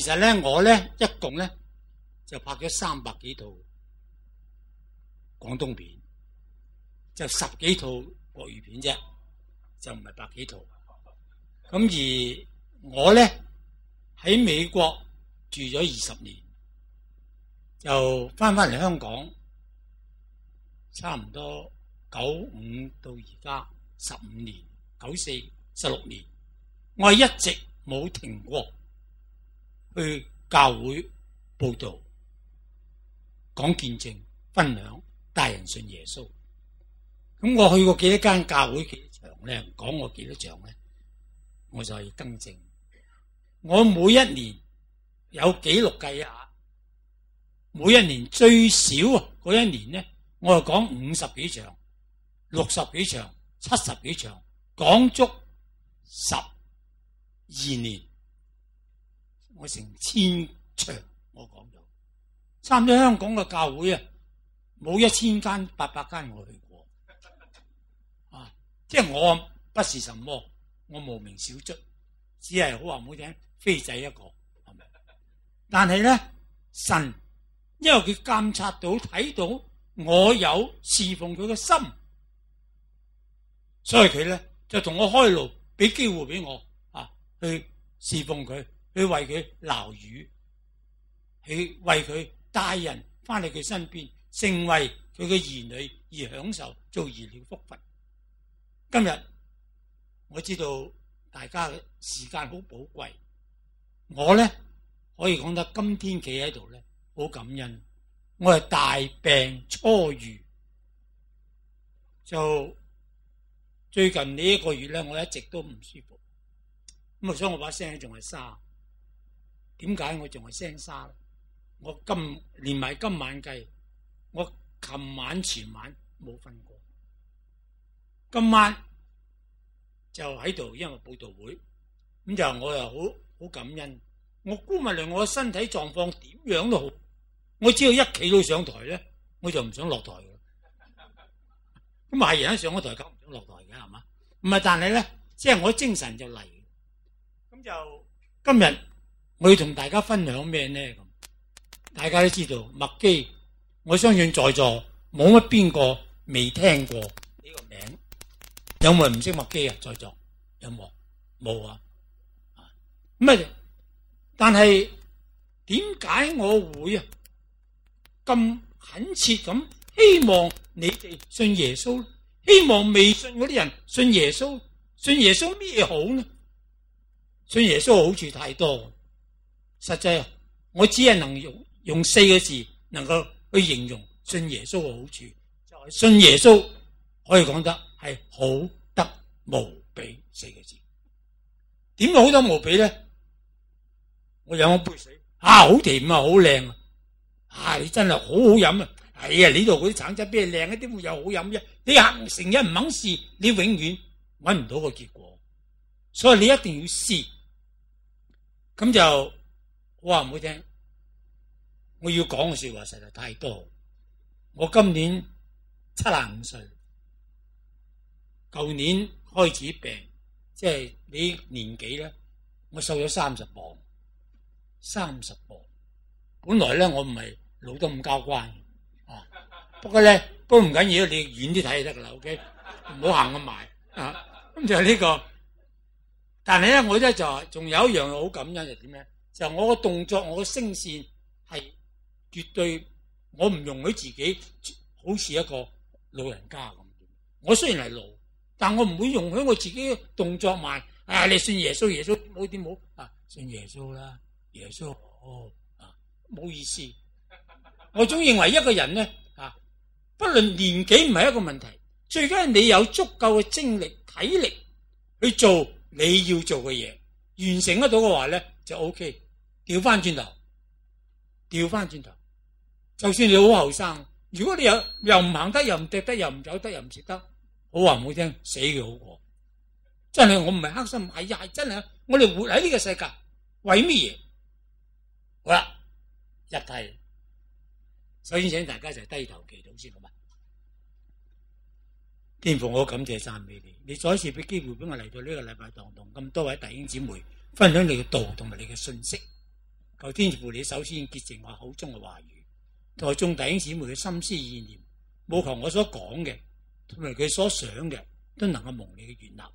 其實咧，我咧一共咧就拍咗三百幾套廣東片，就十幾套國語片啫，就唔係百幾套。咁而我咧喺美國住咗二十年，又翻翻嚟香港，差唔多九五到而家十五年，九四十六年，我係一直冇停過。去教會報道，講見證、分享，帶人信耶穌。咁我去過幾多間教會間幾多場咧？講過幾多場咧？我就係更正。我每一年有記錄計一下，每一年最少啊，嗰一年呢，我就講五十幾場、六十幾場、七十幾場，講足十二年。我成千場我講咗，差唔多香港嘅教會啊，冇一千間八百間我去過，啊，即係我不是什麼，我無名小卒，只係好話唔好聽，飛仔一個，係咪？但係咧，神因為佢監察到睇到我有侍奉佢嘅心，所以佢咧就同我開路，俾機會俾我啊去侍奉佢。去為佢撈魚，去為佢帶人翻嚟佢身邊，成為佢嘅兒女，而享受做兒女福分。今日我知道大家時間好寶貴，我咧可以講得今天企喺度咧好感恩，我係大病初愈，就最近呢一個月咧我一直都唔舒服，咁啊所以我把聲仲係沙。點解我仲係聲沙？我今連埋今晚計，我琴晚前晚冇瞓過，今晚就喺度音樂報道會，咁就我又好好感恩。我估無論，我身體狀況點樣都好，我只要一企到上台咧，我就唔想落台嘅。咁係人一上咗台梗唔想落台嘅係嘛？唔係但係咧，即係我精神就嚟。咁就今日。我要同大家分享咩呢？大家都知道麥基，我相信在座冇乜邊個未聽過呢個名。有冇人唔識麥基啊？在座有冇？冇啊。咁啊，但係點解我會啊咁懇切咁希望你哋信耶穌？希望未信嗰啲人信耶穌？信耶穌咩好呢？信耶穌好處太多。實際我只係能用用四個字能夠去形容信耶穌嘅好處，就係信耶穌可以講得係好得無比四個字。點好得無比咧？我飲一杯水啊，好甜啊，好靚啊，係真係好好飲啊！係、啊哎、呀，呢度嗰啲橙汁比靚一啲，會有好飲啫、啊。你成日唔肯試，你永遠搵唔到個結果。所以你一定要試，咁就。我話唔好聽，我要講嘅說話實在太多。我今年七十五歲，舊年開始病，即係你年紀咧，我瘦咗三十磅，三十磅。本來咧我唔係老得咁交關，哦。不過咧都唔緊要，你遠啲睇就得啦。OK，唔好行咁埋啊。咁就係呢個。但係咧，我咧就仲有一樣好感恩，就點咧？就我個動作，我個聲線係絕對，我唔容許自己好似一個老人家咁。我雖然係老，但我唔會容許我自己動作慢。啊，你信耶穌？耶穌點好點好？啊，信耶穌啦，耶穌哦，啊，冇意思。我總認為一個人咧，啊，不論年紀唔係一個問題，最緊要你有足夠嘅精力、體力去做你要做嘅嘢，完成得到嘅話咧就 OK。調翻轉頭，調翻轉頭，就算你好後生，如果你又又唔行得，又唔跌得，又唔走得，又唔食得，好話唔好聽，死嘅好過。真係我唔係黑心，係真係。我哋活喺呢個世界為乜嘢？好啦，一係首先請大家就低頭祈禱先好嘛？天父，我感謝讚美你，你再一次俾機會俾我嚟到呢個禮拜堂，同咁多位弟兄姊妹分享你嘅道同埋你嘅信息。求天父你首先潔淨我口中嘅話語，同埋眾弟兄姊妹嘅心思意念，冇求我所講嘅，同埋佢所想嘅都能夠蒙你嘅悅納，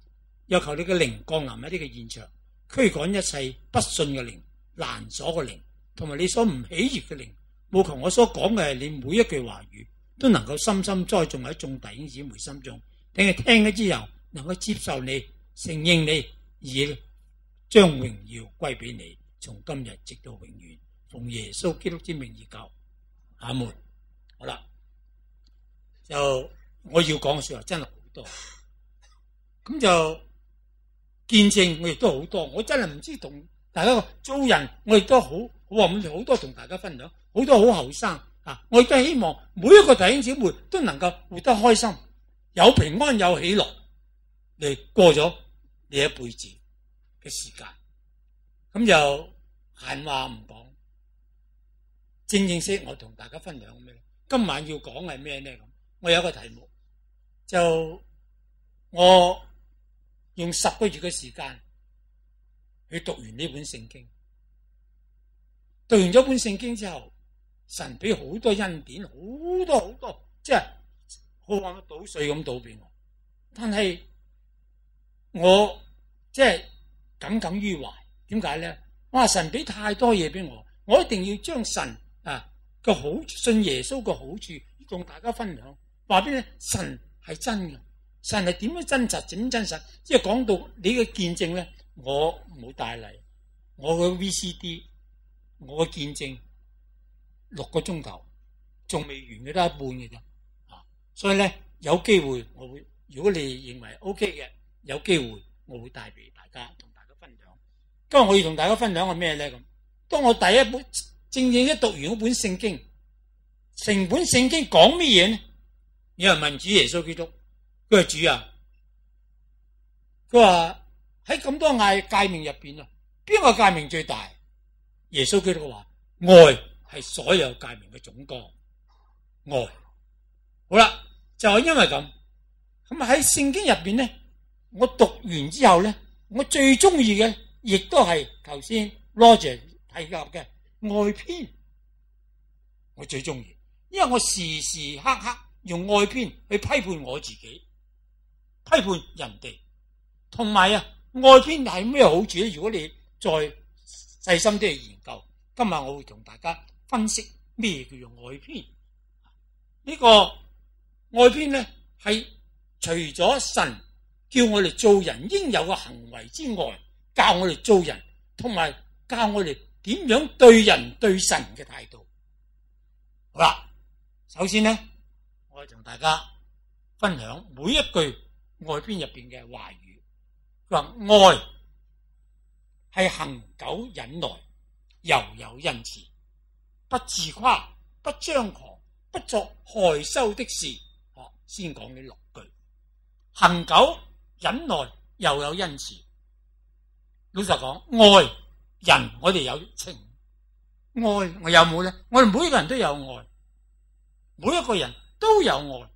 又求你嘅靈降臨喺呢個現場，驅趕一切不信嘅靈、攔阻嘅靈，同埋你所唔喜悦嘅靈，冇求我所講嘅係你每一句話語都能夠深深栽種喺眾弟兄姊妹心中，等佢聽咗之後能夠接受你、承認你，而將榮耀歸俾你。從今日直到永遠，奉耶穌基督之名而教，阿門。好啦，就我要講嘅說話真係好多，咁就見證我亦都好多。我真係唔知同大家做人我，我亦都好好咁，好多同大家分享，好多好後生啊！我亦都希望每一個弟兄姊妹都能夠活得開心，有平安有喜樂你過咗你一輩子嘅時間。咁就閒話唔講，正正式我同大家分享咩？今晚要講係咩咧？咁我有一個題目，就我用十個月嘅時間去讀完呢本聖經。讀完咗本聖經之後，神俾好多恩典，好多好多，即係好似倒水咁倒俾我。但係我即係耿耿於懷。點解咧？我話神俾太多嘢俾我，我一定要將神啊，個好信耶穌個好處同大家分享。話俾你，神係真嘅，神係點樣真實，點真實？即係講到你嘅見證咧，我冇帶嚟，我嘅 VCD，我見證六個鐘頭仲未完嘅，得一半嘅啫。所以咧，有機會我會，如果你認為 OK 嘅，有機會我會帶俾大家。當我要同大家分享個咩咧咁？當我第一本正正一讀完嗰本聖經，成本聖經講乜嘢呢？ 有人問主耶穌基督，佢係主啊，佢話喺咁多愛界名入邊啊，邊個界名最大？耶穌基督話：愛係所有界名嘅總綱，愛。好啦，就係因為咁，咁喺聖經入邊咧，我讀完之後咧，我最中意嘅。亦都係頭先 Roger 提及嘅外篇，我最中意，因為我時時刻刻用外篇去批判我自己、批判人哋，同埋啊外篇係咩好處咧？如果你再細心啲去研究，今日我會同大家分析咩叫做外篇。呢個外篇咧係除咗神叫我哋做人應有嘅行為之外。教我哋做人，同埋教我哋點樣對人對神嘅態度。好啦，首先呢，我同大家分享每一句外邊入邊嘅話語。佢話，愛係恒久忍耐，又有恩慈，不自誇，不張狂，不作害羞的事。我、哦、先講呢六句。恒久忍耐，又有恩慈。老實講，愛人我哋有情，愛我有冇咧？我哋每一個人都有愛，每一個人都有愛，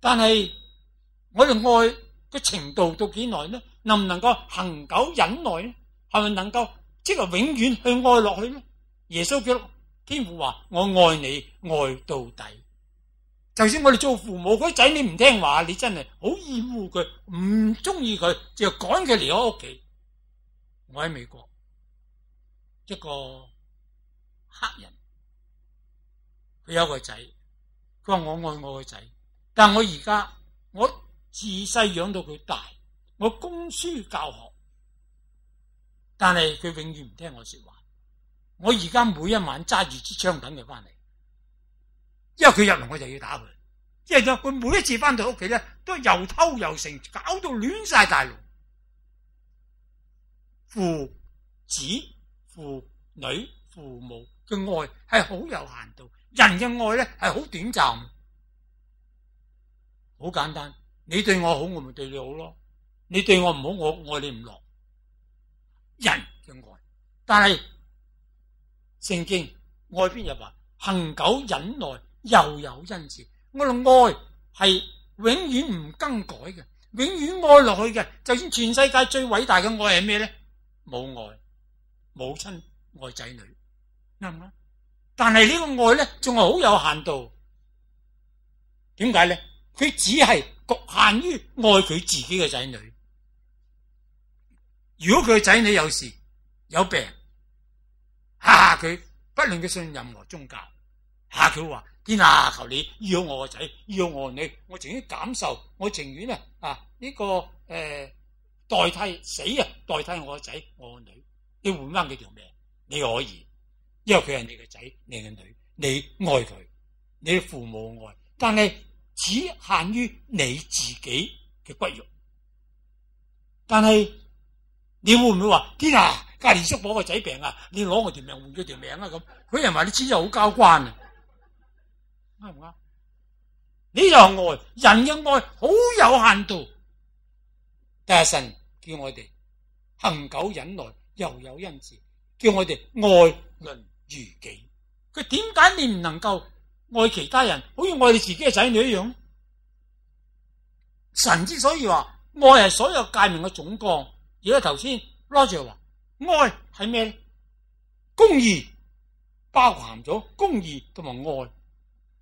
但係我哋愛嘅程度到幾耐呢？能唔能夠恒久忍耐咧？係咪能夠即係永遠去愛落去呢？耶穌叫天父話：我愛你，愛到底。就算我哋做父母嗰仔，那個、你唔聽話，你真係好厭惡佢，唔中意佢，就趕佢離開屋企。我喺美國，一個黑人，佢有個仔，佢話我愛我個仔，但係我而家我自細養到佢大，我供書教學，但係佢永遠唔聽我説話。我而家每一晚揸住支槍等佢翻嚟，因為佢入嚟我就要打佢，因為佢每一次翻到屋企咧都又偷又成，搞到亂晒大籠。父子、父女、父母嘅愛係好有限度，人嘅愛咧係好短暫，好簡單。你對我好，我咪對你好咯；你對我唔好，我愛你唔落。人嘅愛，但係聖經外邊又話：恒久忍耐，又有恩慈。我哋愛係永遠唔更改嘅，永遠愛落去嘅。就算全世界最偉大嘅愛係咩咧？母愛，母親愛仔女，啱唔啱？但係呢個愛咧，仲係好有限度。點解咧？佢只係局限於愛佢自己嘅仔女。如果佢嘅仔女有事有病，吓、啊、佢，不論佢信任何宗教，吓佢話：天啊，求你要我個仔，要我女，我情願感受，我情願啊啊！呢、這個誒。呃代替死啊！代替我個仔，我個女，你換翻佢條命，你可以，因為佢係你個仔，你個女，你愛佢，你父母愛，但係只限於你自己嘅骨肉。但係你會唔會話天啊！隔籬叔婆個仔病啊，你攞我條命換佢條命啊咁？有人話你知好交關啊，啱唔啱？你又愛人嘅愛好有限度，但係神。叫我哋恆久忍耐，又有恩賜，叫我哋愛鄰如己。佢點解你唔能夠愛其他人，好似愛你自己嘅仔女一樣？神之所以話愛係所有界面嘅總綱，而家頭先 Roger 話愛係咩？公義包含咗公義同埋愛，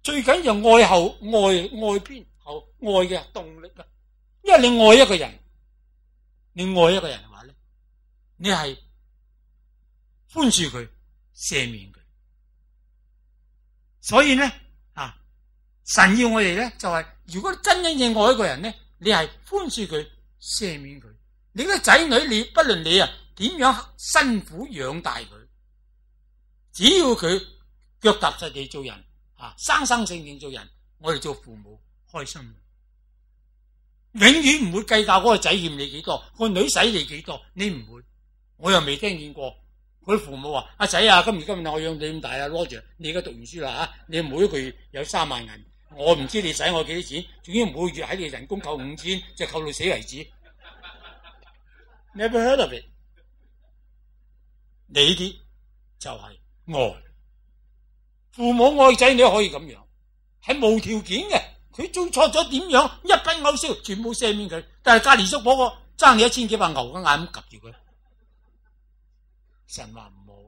最緊要愛後愛愛邊後愛嘅動力啊！因為你愛一個人。你愛一個人嘅話咧，你係寬恕佢、赦免佢，所以咧啊，神要我哋咧就係如果真真正正愛一個人咧，你係寬恕佢、赦免佢，你個仔女你不論你啊點樣辛苦養大佢，只要佢腳踏實地做人啊，生生性性做人，我哋做父母開心。永遠唔會計較嗰個仔欠你幾多，那個女使你幾多，你唔會。我又未聽見過佢父母話：阿仔啊，今時今日我養你咁大啊 r o 你而家讀完書啦，啊，你每一個月有三萬銀，我唔知你使我幾錢，仲要每月喺你人工扣五千，就扣到死為止。Never heard of it 你。你啲就係我父母愛仔，你可以咁樣，係無條件嘅。佢做錯咗點樣？一筆勾銷，全部赦免佢。但係隔籬叔婆，個爭你一千幾百牛嘅眼咁夾住佢。神話唔好，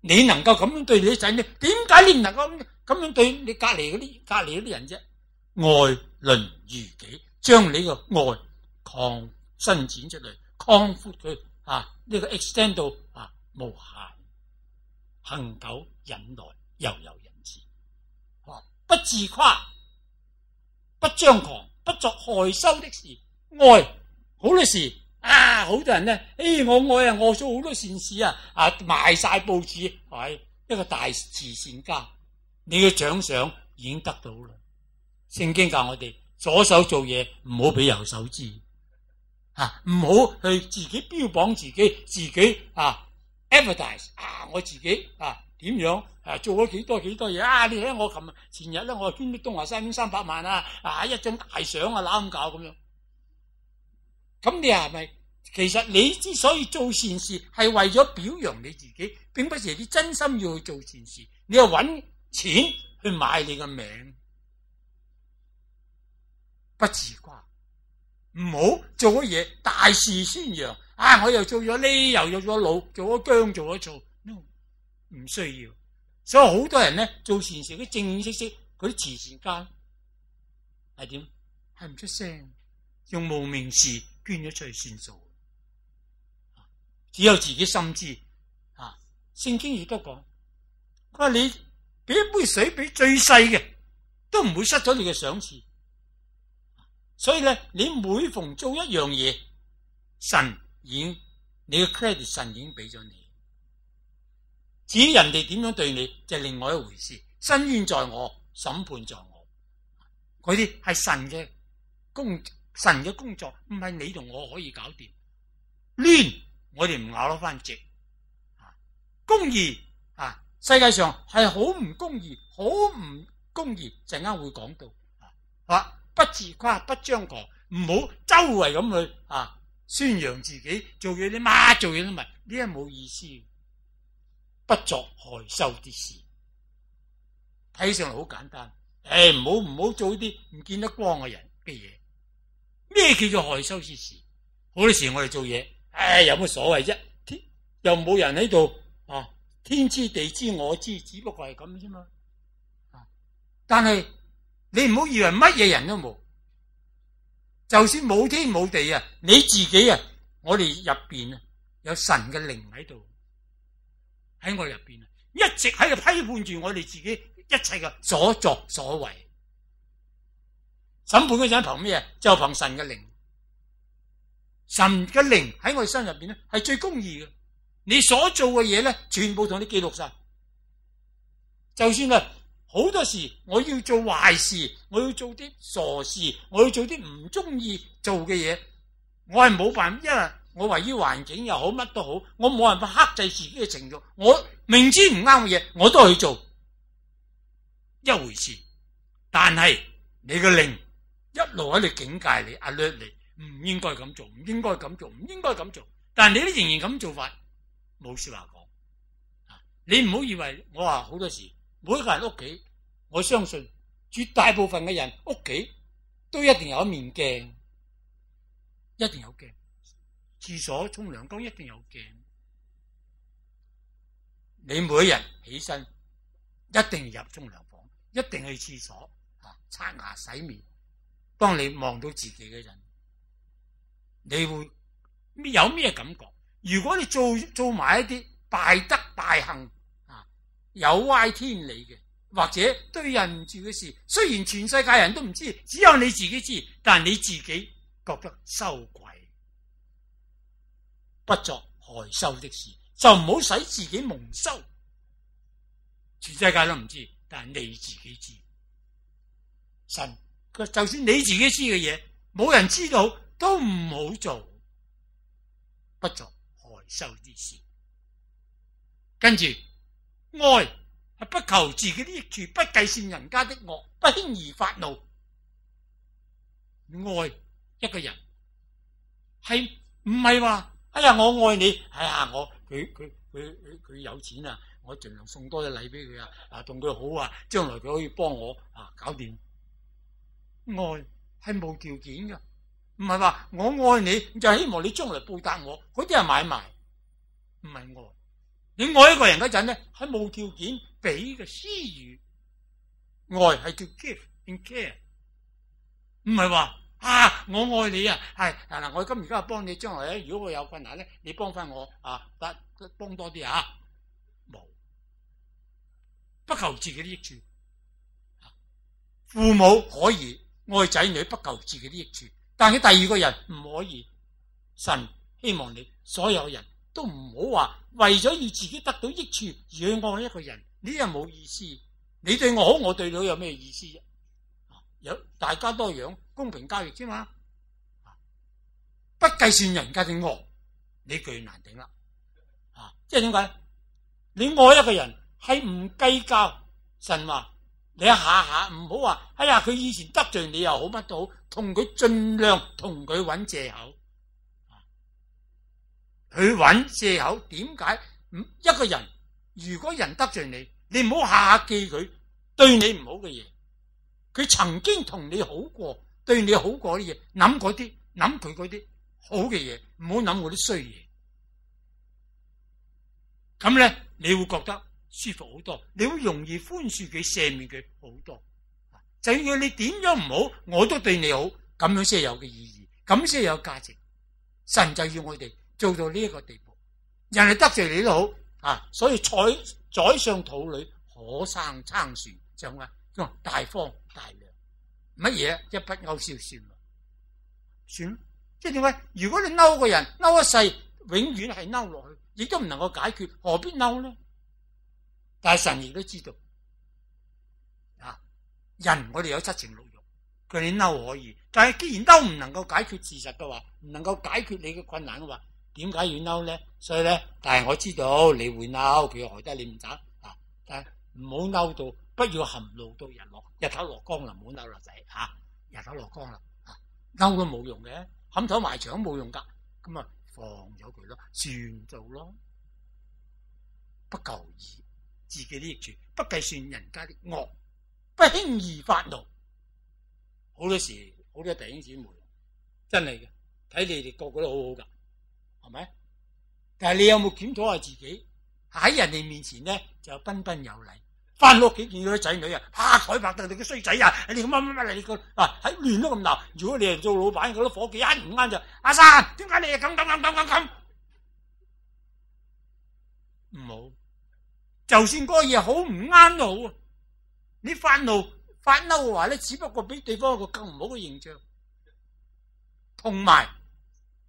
你能夠咁樣對你仔女，點解你唔能夠咁樣對你隔籬嗰啲隔籬啲人啫？愛鄰如己，將你個愛擴伸展出嚟，擴闊佢啊！呢、這個 extend 到啊無限，恆久忍耐又有恩慈，啊，不自誇。不張狂，不作害羞的事，愛好多事啊！好多人呢。誒、哎，我愛啊，我做好多善事啊，啊，賣晒報紙，係一個大慈善家。你嘅獎賞已經得到啦。聖經教我哋左手做嘢，唔好俾右手知，啊，唔好去自己標榜自己，自己啊，advertise 啊，我自己啊。點樣誒、啊、做咗幾多幾多嘢啊！你睇我琴日前日咧，我捐咗東華三院捐三百萬啊！啊，一張大相啊，攋咁搞咁樣。咁你係咪？其實你之所以做善事，係為咗表揚你自己，並不是你真心要去做善事，你要揾錢去買你個名，不自誇。唔好做咗嘢，大事宣揚啊！我又做咗呢，又做咗老，做咗僵，做咗做。唔需要，所以好多人咧做善事，啲正正式式佢慈善家係點？係唔出聲，用無名氏捐咗出去算數，只有自己心知。啊，聖經亦都講，佢話你俾一杯水俾最細嘅，都唔會失咗你嘅賞賜。所以咧，你每逢做一樣嘢，神已經你嘅 credit 神已經俾咗你。至於人哋點樣對你，就係另外一回事。伸冤在我，審判在我，嗰啲係神嘅工，神嘅工作唔係你同我可以搞掂。亂，我哋唔咬得翻直。公義啊，世界上係好唔公義，好唔公義。陣間會講到啊，不自誇，不張狂，唔好周圍咁去啊宣揚自己做嘢啲乜，做嘢啲乜，呢啲係冇意思。不作害羞之事，睇上嚟好簡單。誒、哎，唔好唔好做啲唔見得光嘅人嘅嘢。咩叫做害羞之事？好多時我哋做嘢，誒、哎，有乜所謂啫？天，又冇人喺度，哦、啊，天知地知我知，只不過係咁啫嘛。但係你唔好以為乜嘢人都冇，就算冇天冇地啊，你自己啊，我哋入邊啊，有神嘅靈喺度。喺我入邊啊，一直喺度批判住我哋自己一切嘅所作所為。審判嗰陣憑咩啊？就憑神嘅靈，神嘅靈喺我哋身入邊咧，係最公義嘅。你所做嘅嘢咧，全部同你記錄晒。就算啊，好多時我要做壞事，我要做啲傻事，我要做啲唔中意做嘅嘢，我係冇辦法，因為。我位於環境又好，乜都好，我冇辦法克制自己嘅情慾。我明知唔啱嘅嘢，我都去做一回事。但係你嘅靈一路喺度警戒你，阿律你，唔應該咁做，唔應該咁做，唔應該咁做。但你仍然咁做法，冇說話講。你唔好以為我話好多時，每一個人屋企，我相信絕大部分嘅人屋企都一定有一面鏡，一定有鏡。廁所沖涼缸一定有鏡，你每日起身一定入沖涼房，一定去廁所啊，刷牙洗面。當你望到自己嘅人，你會有咩感覺？如果你做做埋一啲大德大幸、啊，有歪天理嘅，或者對人唔住嘅事，雖然全世界人都唔知，只有你自己知，但係你自己覺得羞愧。不作害羞的事，就唔好使自己蒙羞。全世界都唔知，但係你自己知。神佢就算你自己知嘅嘢，冇人知道都唔好做，不作害羞之事。跟住愛係不求自己啲益處，不計算人家的惡，不輕易發怒。愛一個人係唔係話？哎呀，我愛你！哎呀，我佢佢佢佢有錢啊！我盡量送多啲禮俾佢啊！啊，同佢好啊，將來佢可以幫我啊，搞掂。愛係冇條件噶，唔係話我愛你就係希望你將來報答我，嗰啲係買賣，唔係愛。你愛一個人嗰陣呢，係冇條件俾嘅施予，愛係叫 give and care，唔係話。啊！我愛你啊，係嗱嗱！我今而家幫你，將來咧，如果我有困難咧，你幫翻我啊，得幫多啲啊，冇不求自己啲益處，父母可以愛仔女，不求自己啲益處，但係你第二個人唔可以。神希望你所有人都唔好話為咗要自己得到益處而去愛一個人，呢樣冇意思。你對我好，我對你有咩意思？大家都一樣，公平交易啫嘛。不計算人家嘅惡，你句難頂啦。啊，即係點解？你愛一個人係唔計較神話，你一下一下唔好話哎呀，佢以前得罪你又好乜都好，同佢盡量同佢揾借口。佢、啊、揾借口，點解？一個人如果人得罪你，你唔好下下記佢對你唔好嘅嘢。佢曾經同你好過，對你好過啲嘢，諗嗰啲，諗佢嗰啲好嘅嘢，唔好諗嗰啲衰嘢。咁咧，你會覺得舒服好多，你會容易寬恕佢、赦免佢好多。就要你點樣唔好，我都對你好，咁樣先有嘅意義，咁先有價值。神就要我哋做到呢一個地步，人哋得罪你都好啊，所以宰宰相肚裏可生撐船，就啊。大方大量，乜嘢一筆勾銷算啦，算即係點解？如果你嬲個人，嬲一世，永遠係嬲落去，亦都唔能夠解決，何必嬲呢？但神亦都知道，啊人我哋有七情六欲，佢哋嬲可以，但係既然嬲唔能夠解決事實嘅話，唔能夠解決你嘅困難嘅話，點解要嬲呢？所以咧，但係我知道你會嬲，佢害得你唔走。啊！但唔好嬲到，不要含怒到日落，日頭落光啦，唔好嬲啦仔吓，日頭落光啦，嬲都冇用嘅，冚頭埋牆都冇用噶，咁啊放咗佢咯，算做咯，不求易，自己啲益處，不計算人家啲惡，不輕易發怒。好多時，好多弟兄姊妹真係嘅，睇你哋個個都好好噶，係咪？但係你有冇檢討下自己？喺人哋面前呢，就彬彬有禮。翻屋企見到啲仔女啊，拍台拍凳你個衰仔啊，你乜乜乜你個嗱喺亂都咁鬧。如果你係做老闆，嗰啲夥計一唔啱就阿生，點、啊、解你係咁咁咁咁咁？唔好，就算嗰個嘢好唔啱好啊！你發怒、發嬲嘅話咧，只不過俾對方一個更唔好嘅形象，同埋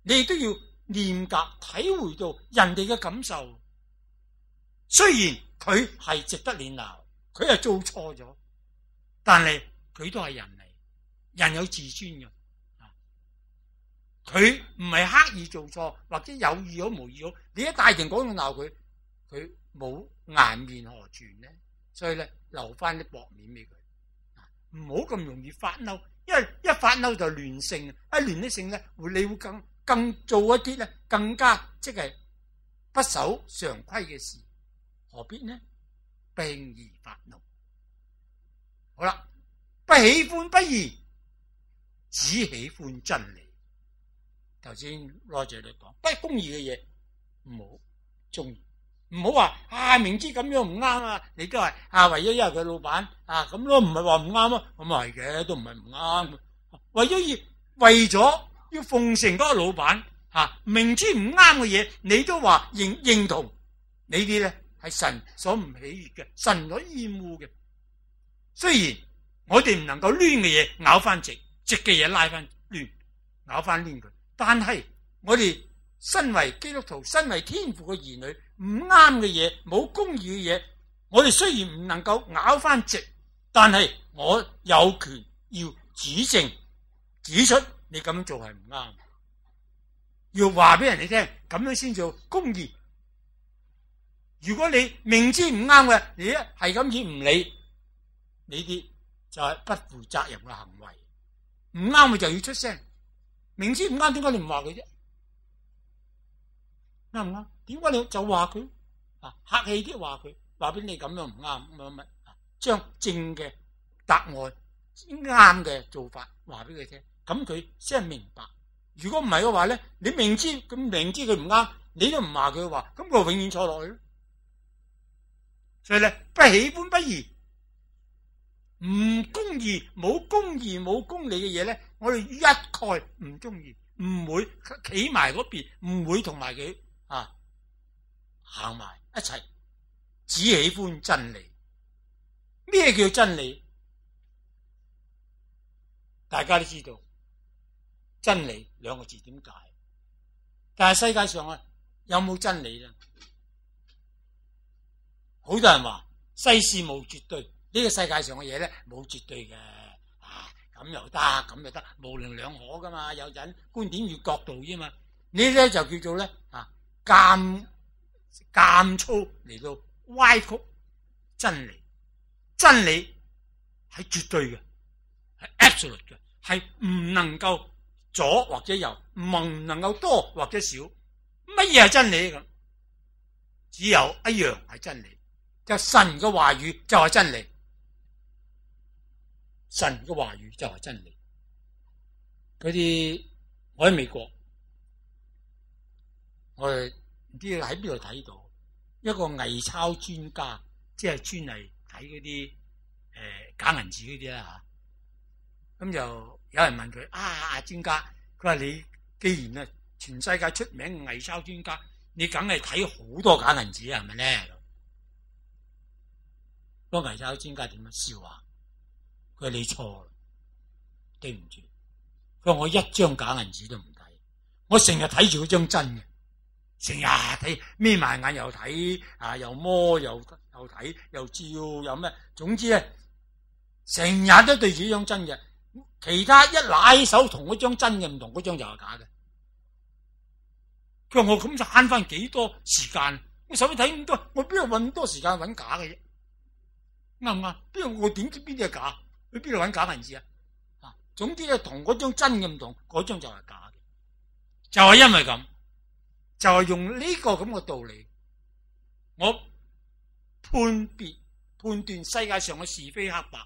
你都要嚴格體會到人哋嘅感受。雖然。佢係值得你鬧，佢係做錯咗，但係佢都係人嚟，人有自尊嘅。佢唔係刻意做錯或者有意好無意好，你一大庭廣眾鬧佢，佢冇顏面何存呢？所以咧，留翻啲薄面俾佢，唔好咁容易發嬲，因為一發嬲就亂性，一亂啲性咧，會你會更更做一啲咧更加即係不守常規嘅事。何必呢？病而發怒，好啦，不喜歡不義，只喜歡真理。頭先羅姐都講，不公義嘅嘢唔好中意，唔好話啊，明知咁樣唔啱啊，你都係啊，啊，啊，啊，啊，啊，為咗因為佢老闆啊咁咯，唔係話唔啱咯，咁係嘅，都唔係唔啱。為咗要為咗要奉承嗰個老闆啊，明知唔啱嘅嘢，你都話認認同你呢啲咧？神所唔喜悅嘅，神所厭惡嘅，雖然我哋唔能夠攣嘅嘢咬翻直，直嘅嘢拉翻攣，咬翻攣佢，但係我哋身為基督徒，身為天父嘅兒女，唔啱嘅嘢，冇公義嘅嘢，我哋雖然唔能夠咬翻直，但係我有權要指正，指出你咁做係唔啱，要話俾人哋聽，咁樣先做公義。如果你明知唔啱嘅，你咧係咁樣唔理，你啲就係不負責任嘅行為。唔啱佢就要出聲，明知唔啱，點解你唔話佢啫？啱唔啱？點解你就話佢？啊，客氣啲話佢，話俾你咁樣唔啱乜乜乜，將、啊、正嘅答案、啱嘅做法話俾佢聽，咁佢先明白。如果唔係嘅話咧，你明知咁明知佢唔啱，你都唔話佢嘅話，咁佢永遠錯落去。所以咧，不喜，不，不，不喜歡不義，唔公義、冇公義、冇公理嘅嘢咧，我哋一概唔中意，唔會企埋嗰邊，唔會同埋佢啊行埋一齊，只喜歡真理。咩叫真理？大家都知道，真理兩個字點解？但係世界上啊，有冇真理咧？好多人話世事無絕對，呢個世界上嘅嘢咧冇絕對嘅，啊咁又得，咁又得，模棱兩可噶嘛，有陣觀點與角度啫嘛，你呢咧就叫做咧啊，咁咁粗嚟到歪曲真理，真理係絕對嘅，係 absolute 嘅，係唔能夠左或者右，唔能，能夠多或者少，乜嘢係真理嘅？只有一樣係真理。就神嘅話語就係真理，神嘅話語就係真理。嗰啲我喺美國，我哋唔知喺邊度睇到一個偽鈔專家，即係專係睇嗰啲誒假銀紙嗰啲啦吓。咁、啊、就有人問佢啊，專家，佢話你既然啊全世界出名偽鈔專家，你梗係睇好多假銀紙啊，係咪咧？個偽造專家點樣笑啊？佢話你錯啦，對唔住。佢話我一張假銀紙都唔睇，我成日睇住嗰張真嘅，成日睇，眯埋眼又睇，啊又摸又又睇又照又咩，總之咧，成日都對住張真嘅，其他一拉手同嗰張真嘅唔同，嗰張就係假嘅。佢話我咁就慳翻幾多時間，我手先睇咁多，我邊度揾咁多時間揾假嘅啫。啱唔啱？邊我點知邊啲係假？去邊度揾假文字啊？總之咧，同嗰張真嘅唔同，嗰張就係假嘅。就係、是、因為咁，就係、是、用呢個咁嘅道理，我判別判斷世界上嘅是非黑白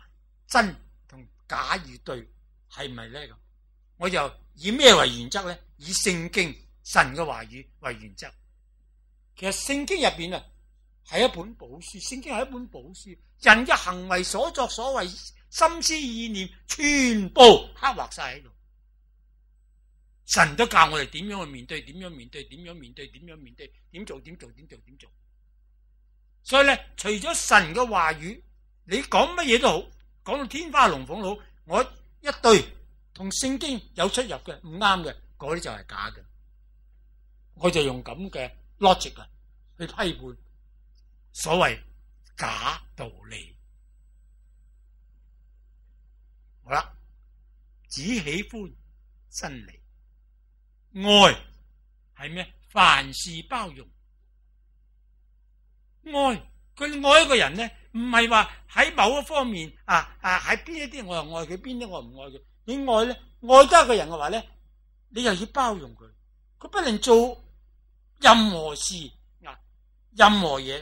真同假與對係唔係呢咁？我就以咩為原則咧？以聖經神嘅話語為原則。其實聖經入邊啊。係一本寶書，聖經係一本寶書。人嘅行為所作所為、心思意念，全部刻畫晒喺度。神都教我哋點樣去面對，點樣面對，點樣面對，點樣面對，點做點做點做點做，做。所以咧，除咗神嘅話語，你講乜嘢都好，講到天花龍鳳佬，我一對同聖經有出入嘅，唔啱嘅，嗰啲就係假嘅。我就用咁嘅 logic 啊，去批判。所謂假道理，好啦，只喜歡真理。愛係咩？凡事包容，愛佢愛一個人呢，唔係話喺某一方面啊，啊，喺邊一啲我又愛佢，邊啲我唔愛佢。你愛咧，愛得一個人嘅話咧，你又要包容佢，佢不能做任何事啊，任何嘢，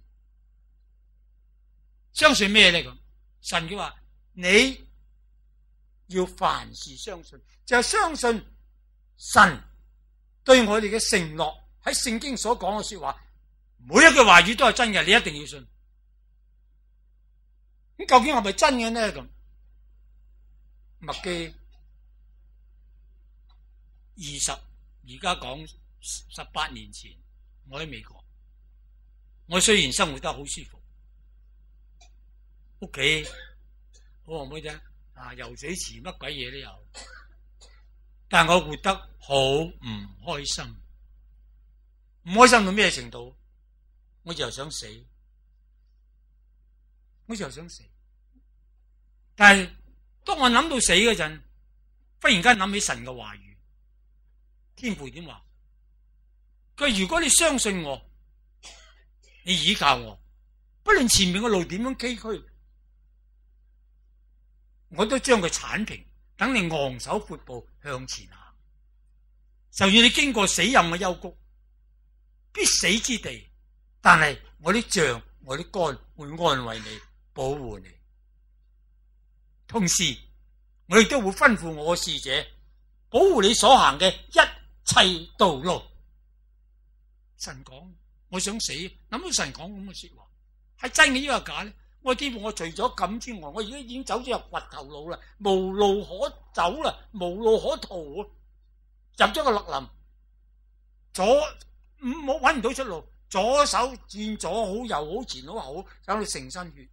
相信咩咧，咁？神，佢話你要凡事相信，就係相信神對我哋嘅承諾，喺聖經所講嘅說話，每一句話語都係真嘅，你一定要信。咁究竟係咪真嘅咧，咁？麥記二十，而家講十八年前，我喺美國，我雖然生活得好舒服。屋企好唔好啫？啊，游水池乜鬼嘢都有，但我活得好唔開心，唔開心到咩程度？我就想死，我就想死。但係當我諗到死嗰陣，忽然間諗起神嘅話語，天父點話？佢如果你相信我，你倚靠我，不論前面嘅路點樣崎嶇。我都將佢鏟平，等你昂首闊步向前行。就要你經過死蔭嘅幽谷，必死之地，但係我啲像、我啲肝會安慰你、保護你。同時，我亦都會吩咐我嘅侍者保護你所行嘅一切道路。神講，我想死，諗到神講咁嘅說話，係真嘅抑或假咧？我天乎我除咗咁之外，我已經已經走咗入掘頭路啦，無路可走啦，無路可逃啊！入咗個落林，左唔好搵唔到出路，左手戰左好，右好，前都好，搞到成身血，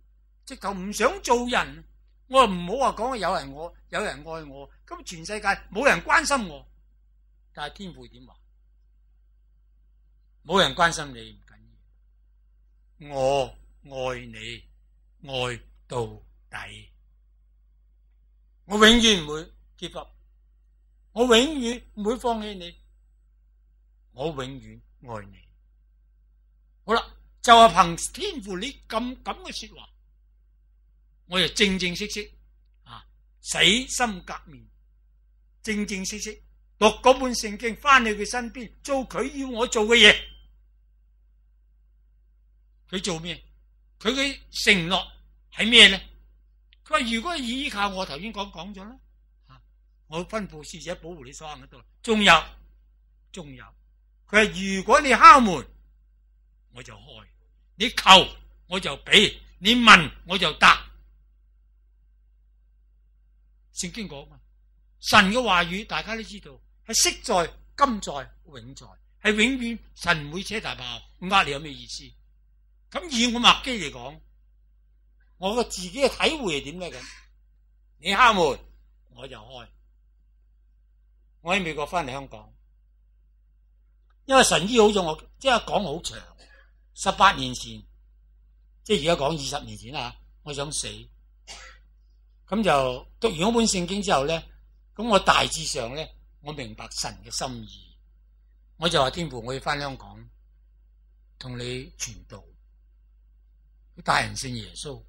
直係唔想做人，我又唔好話講有人我，有人愛我，咁全世界冇人關心我，但係天父點啊？冇人關心你唔緊要緊，我愛你。愛到底，我永遠唔會結合，我永遠唔會放棄你，我永遠愛你。好啦，就話憑天父你咁咁嘅說話，我就正正式式啊，洗心革面，正正式式讀嗰本聖經，翻去佢身邊做佢要我做嘅嘢，佢做咩？佢嘅承諾係咩咧？佢話如果依靠我，頭先講講咗啦。我吩咐使者保護你所行嘅道，仲有，仲有。佢話如果你敲門，我就開；你求，我就俾；你問，我就答。聖經講啊，神嘅話語大家都知道係昔在、今在、永在，係永遠，神唔會扯大炮呃你，有咩意思？咁以我墨基嚟講，我個自己嘅體會係點咧？咁你敲門，我就開。我喺美國翻嚟香港，因為神醫好咗我，即係講好長。十八年前，即係而家講二十年前啊！我想死，咁就讀完嗰本聖經之後咧，咁我大致上咧，我明白神嘅心意，我就話天父，我要翻香港同你傳道。大人信耶穌，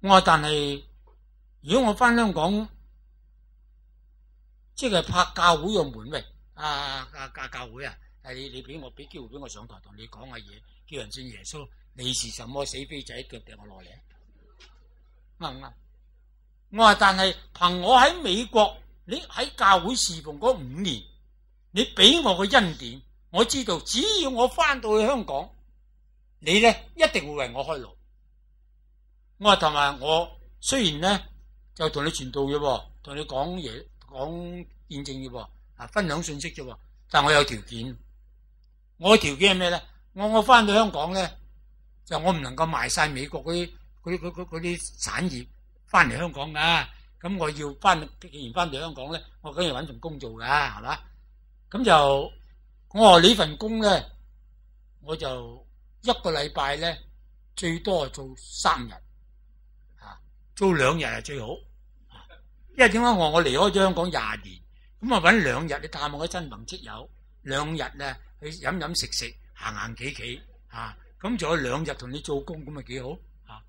我話但係，如果我翻香港，即係拍教會嘅門，喂，阿阿阿教會啊，係你俾我俾機會俾我上台同你講下嘢，叫人信耶穌，你係什麼死飛仔叫掉我落嚟？啱唔啱？我話但係憑我喺美國，你喺教會侍奉嗰五年，你俾我個恩典，我知道只要我翻到去香港。你咧一定會為我開路。我話同埋我雖然咧就同你傳道嘅，同你講嘢、講見證嘅，啊，分享信息啫。但係我有條件，我嘅條件係咩咧？我我翻到香港咧，啊、我就我唔能夠賣晒美國嗰啲嗰啲嗰啲產業翻嚟香港噶。咁我要翻既然翻到香港咧、啊，我梗係揾份工做噶，係嘛？咁就我話呢份工咧，我就。一個禮拜咧，最多係做三日，嚇、啊、做兩日啊最好，啊、因為點解？我我離開咗香港廿年，咁啊揾兩日你探望啲親朋戚友，兩日咧去飲飲食食，行行企企，嚇咁仲有兩日同你做工，咁咪幾好嚇。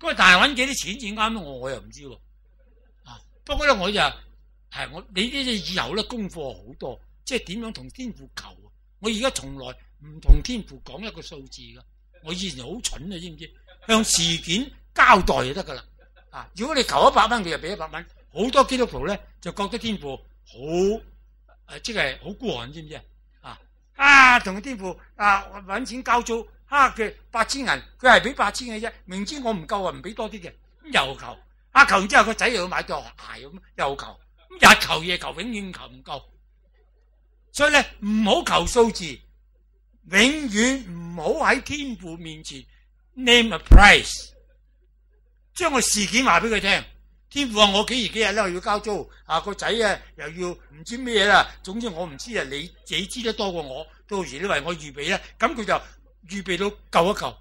咁啊，但係揾幾多錢先啱，我我又唔知喎。啊，不過咧我就係我你呢啲以後咧功課好多，即係點樣同天父求啊？我而家從來。唔同天父講一個數字噶，我以前好蠢啊，知唔知？向事件交代就得噶啦。啊，如果你求一百蚊，佢就俾一百蚊。好多基督徒咧就覺得天父好誒、啊，即係好孤寒，知唔知啊？啊，同個天父啊，搵錢交租，哈佢八千銀，佢係俾八千嘅啫。明知我唔夠啊，唔俾多啲嘅，咁又求，啊求完之後個仔又要買對鞋咁，又求，咁、嗯、日求夜求，永遠求唔夠。所以咧，唔好求數字。永遠唔好喺天父面前 name a price，將個事件話俾佢聽。天父話我幾時幾日咧要交租？啊個仔啊又要唔知咩嘢啦。總之我唔知啊，你自己知得多過我。到時你為我預備咧。咁佢就預備到夠一夠。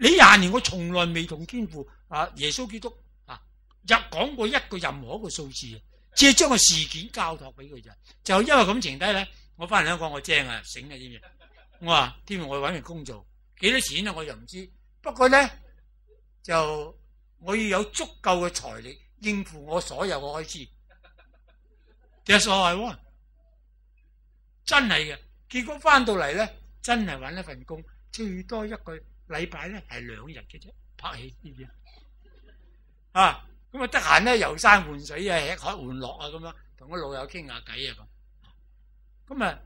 你廿年我從來未同天父啊耶穌基督啊入講過一個任何一個數字，只係將個事件交託俾佢人，就因為咁剩低咧。我翻嚟香港我正啊，醒啊知唔知？我話，聽日，我搵份工做，幾多錢啊？我又唔知。不過咧，就我要有足夠嘅財力應付我所有嘅開支。其實所謂，真係嘅。結果翻到嚟咧，真係搵一份工，最多一個禮拜咧係兩日嘅啫，拍戲知唔知？啊，咁啊得閒咧遊山玩水啊，吃喝玩樂啊，咁樣同個老友傾下偈啊咁。咁啊，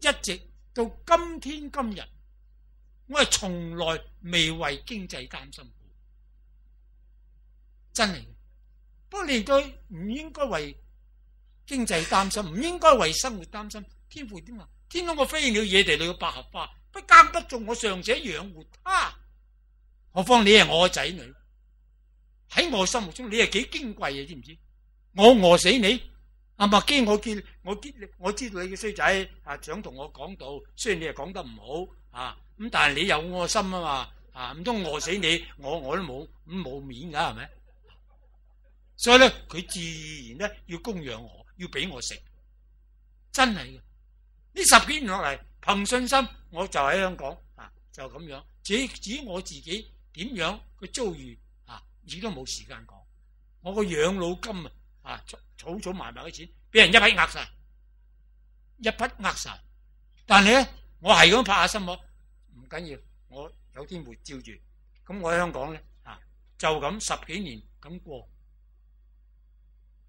一直到今天今日，我係從來未為經濟擔心過，真係。不過你都唔應該為經濟擔心，唔應該為生活擔心。天父點啊？天空個飛鳥、野地裏嘅百合花，不耕不種，我尚且養活他，何況你係我仔女？喺我心目中，你係幾矜貴啊？知唔知？我餓死你。阿、啊、麥基，我見我見，我知道你嘅衰仔，啊想同我講到，雖然你係講得唔好，啊咁，但係你有我心啊嘛，啊唔通餓死你，我我都冇，咁，嗯、冇面噶係咪？所以咧，佢自然咧要供養我，要俾我食，真係嘅。呢十幾年落嚟，憑信心，我就喺香港，啊就咁樣。至於至於我自己點樣嘅遭遇，啊，亦都冇時間講。我個養老金啊～啊！儲儲埋埋嘅錢，俾人一筆呃晒，一筆呃晒。但係咧，我係咁拍下心，我唔緊要，我有天父照住。咁我喺香港咧，啊，就咁十幾年咁過，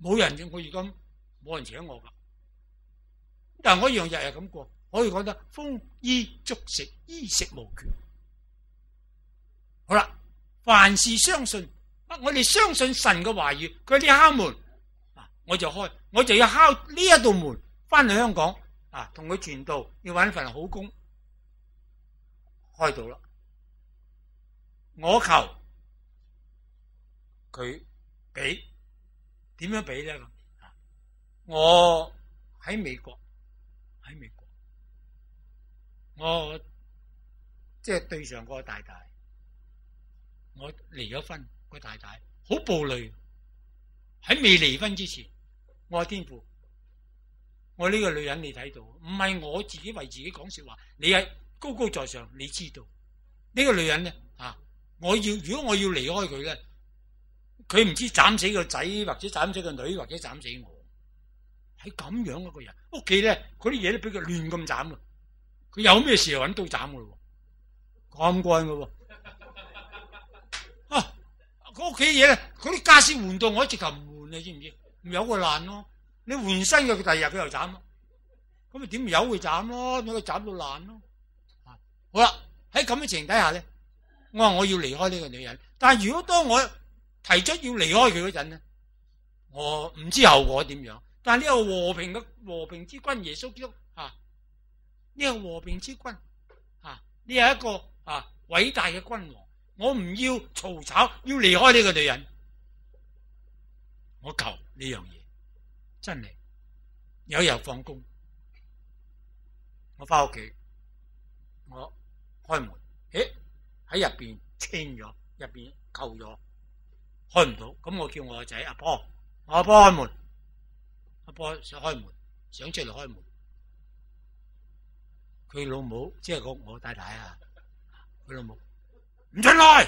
冇人，我而家冇人請我噶。但係我一樣日日咁過，可以講得豐衣足食，衣食無缺。好啦，凡事相信，我哋相信神嘅話語。佢啲敲門。我就開，我就要敲呢一道門翻去香港啊，同佢傳道要揾份好工開到啦。我求佢俾，點樣俾咧、啊？我喺美國，喺美國，我即係、就是、對上個太太。我離咗婚，個太太好暴戾，喺未離婚之前。我係天父，我呢個女人你睇到，唔係我自己為自己講說話，你係高高在上，你知道呢個女人咧啊！我要，如果我要離開佢咧，佢唔知斬死個仔，或者斬死個女，或者斬死我，係咁樣一個人。屋企咧，嗰啲嘢都俾佢亂咁斬啦，佢有咩事就揾刀斬噶咯，咁乾噶喎！啊，屋企嘢咧，佢啲家私換到我一直求唔換，你知唔知？有個爛咯、啊,你換新嘅，佢第二日佢又斬，咁咪點有會斬咯、啊？俾佢斬到爛咯、啊。好啦，喺咁嘅情底下咧，我話我要離開呢個女人，但係如果當我提出要離開佢嗰陣呢，我唔知後果點樣。但係呢個和平嘅和平之君耶穌基督啊，呢個和平之君啊，呢係一個啊偉大嘅君王。我唔要嘈吵，吵，要離開呢個女人，我求。呢樣嘢真係有一日放工，我翻屋企，我開門，誒，喺入邊清咗，入邊扣咗，開唔到，咁我叫我個仔阿波，我阿波開門，阿波想開門，想出嚟開門，佢老母即係我我太太啊，佢老母唔出嚟，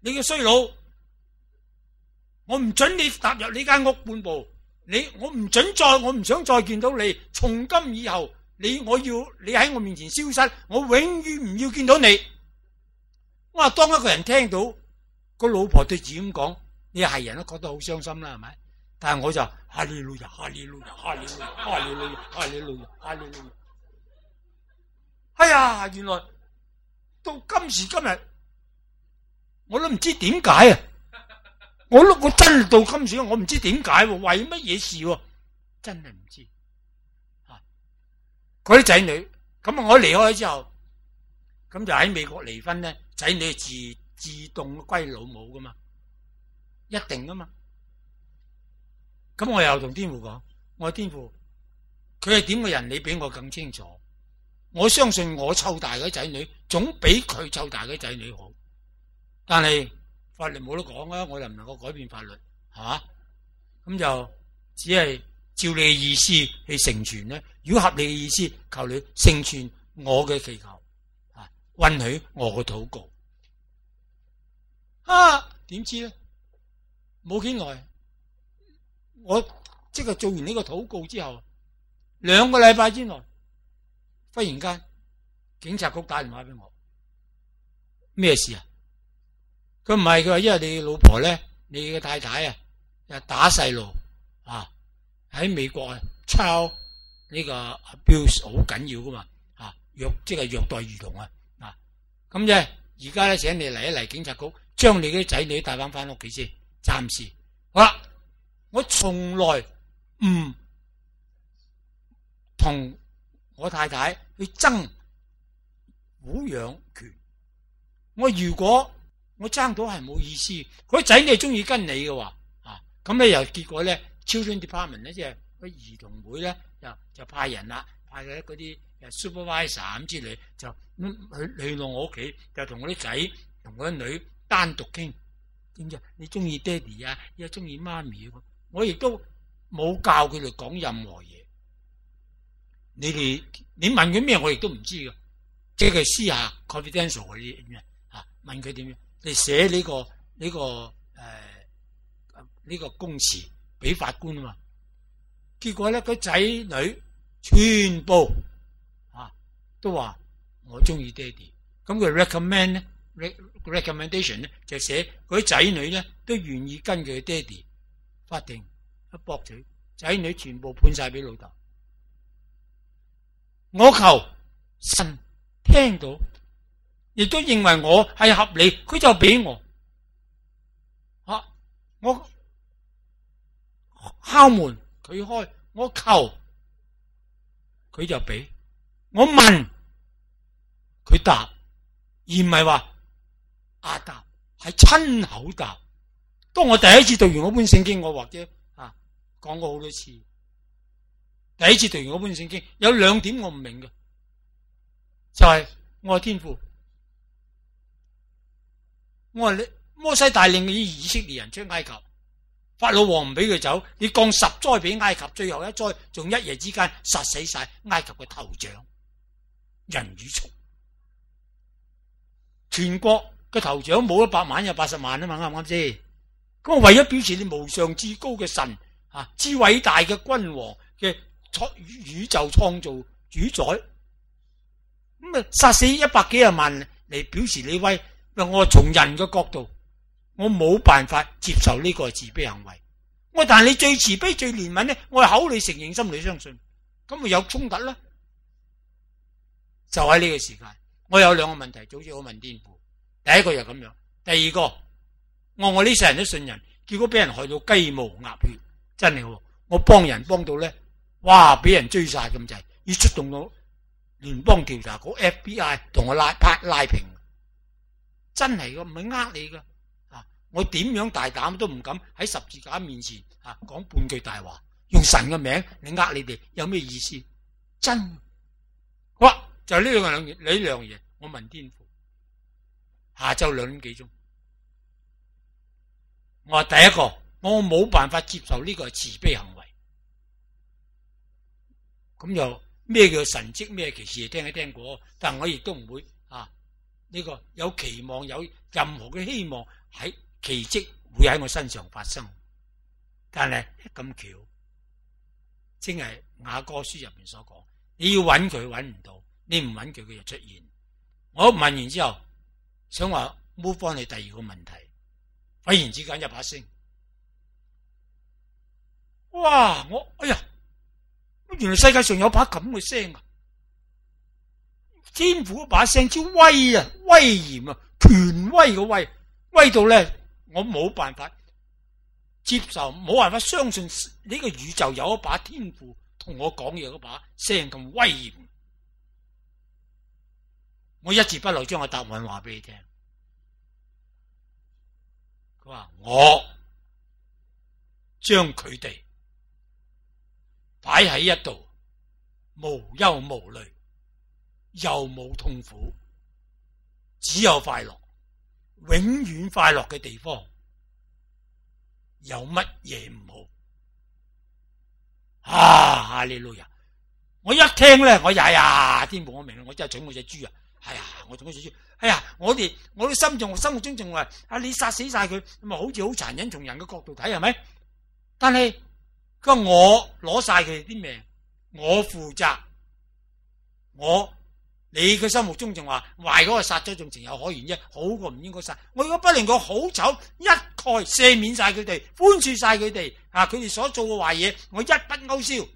你個衰佬！我唔准你踏入呢間屋半步，你我唔准再，我唔想再見到你。從今以後，你我要你喺我面前消失，我永遠唔要見到你。我、啊、話當一個人聽到個老婆對自己咁講，你係人都覺得好傷心啦，係咪？但係我就哈利路亞，哈利路亞，哈利路亞，哈利路亞，哈利路亞，哈利路亞，哈利路亞。哎呀，原來到今時今日，我都唔知點解啊！我碌我真到今時，我唔知點解，為乜嘢事啊？真係唔知。嗰啲仔女，咁我離開之後，咁就喺美國離婚咧。仔女自自動歸老母㗎嘛，一定㗎嘛。咁我又同天父講，我天父，佢係點嘅人，你比我更清楚。我相信我湊大嘅仔女，總比佢湊大嘅仔女好。但係。法律冇得講啊！我又唔能夠改變法律，係嘛？咁就只係照你嘅意思去成全咧。如果合理嘅意思，求你成全我嘅祈求，允許我嘅禱告。啊！點知咧？冇幾耐，我即係做完呢個禱告之後，兩個禮拜之內，忽然間警察局打電話俾我，咩事啊？佢唔係，佢話因為你老婆咧，你嘅太太啊，就打細路啊，喺美國啊，抄呢個 abuse 好緊要噶嘛啊，虐即係虐待兒童啊，啊，咁啫而家咧，請你嚟一嚟警察局，將你啲仔女帶翻翻屋企先，暫時好啦，我從來唔同我太太去爭撫養權，我如果。我爭到係冇意思，佢仔你係中意跟你嘅喎，啊咁咧又結果咧，children department 咧即係嗰兒童會咧，就就派人啦，派嘅嗰啲 supervisor 咁之類，就去去到我屋企，就同我啲仔同我啲女單獨傾，點知你中意爹哋啊，又中意媽咪啊，我亦都冇教佢哋講任何嘢，你你問佢咩，我亦都唔知嘅，即係佢私下 confidential 嗰啲咩啊，問佢點樣。你寫呢個呢、呢個誒呢、呃呢個公詞俾法官啊嘛，結果咧佢仔女全部啊都話我中意爹哋，咁佢 recommend 咧 recommendation 咧就寫佢仔女咧都願意跟佢爹哋，法庭一駁嘴，仔女全部判晒俾老豆，我求神聽到。亦都認為我係合理，佢就俾我。吓、啊、我，我敲門，佢開；我求，佢就俾；我問，佢答。而唔係話阿答，係親口答。當我第一次讀完嗰本聖經，我或者吓講過好多次。第一次讀完嗰本聖經，有兩點我唔明嘅，就係我係天父。我話你摩西帶領啲以色列人出埃及，法老王唔俾佢走，你降十災俾埃及，最後一災仲一夜之間殺死晒埃及嘅頭長人與畜，全國嘅頭長冇一百萬有八十萬啊嘛啱唔啱先？咁啊，為咗表示你無上至高嘅神啊，至偉大嘅君王嘅創宇宙創造主宰，咁啊殺死一百幾廿萬嚟表示你威。我從人嘅角度，我冇辦法接受呢個自卑行為。我但係你最慈悲、最憐憫咧，我係口裏承認、心理相信，咁咪有衝突啦。就喺呢個時間，我有兩個問題，總之我問天父。第一個就咁樣，第二個我我呢世人都信人，結果俾人害到雞毛鴨血，真係好我幫人幫到咧，哇俾人追殺咁滯，要出動到聯邦調查局 FBI 同我拉拍拉，拉平。真係我唔係呃你噶，啊！我點樣大膽都唔敢喺十字架面前啊講半句大話，用神嘅名嚟呃你哋，有咩意思？真好啦，就呢兩樣呢樣嘢，我問天父。下晝兩點幾鐘，我話第一個，我冇辦法接受呢個慈悲行為。咁又咩叫神蹟？咩奇事？聽一聽過，但我亦都唔會。呢、這個有期望，有任何嘅希望喺奇迹會喺我身上發生，但係咁巧，正係雅歌書入邊所講，你要揾佢揾唔到，你唔揾佢佢就出現。我問完之後，想話 move on to 第二個問題，忽然之間一把聲，哇！我哎呀，原來世界上有把咁嘅聲啊！天父把聲超威啊，威嚴啊，權威個威，威到咧，我冇辦法接受，冇辦法相信呢個宇宙有一把天父同我講嘢嗰把聲咁威嚴，我一字不漏將我答案話俾你聽。佢話我將佢哋擺喺一度無憂無慮。又冇痛苦，只有快樂，永遠快樂嘅地方有乜嘢唔好？啊！你李老友，我一聽咧，我呀、哎、呀，天父我明我真係蠢我隻豬啊！哎呀，我蠢我隻豬。哎呀，我哋、哎、我啲心仲心目中仲話、啊，阿你殺死晒佢，咪好似好殘忍。從人嘅角度睇係咪？但係咁我攞晒佢啲命，我負責，我。你嘅心目中仲話壞嗰個殺咗仲情有可原啫，好過唔應該殺。我如果不能夠好醜，一概赦免晒佢哋，寬恕晒佢哋，吓佢哋所做嘅壞嘢，我一筆勾銷，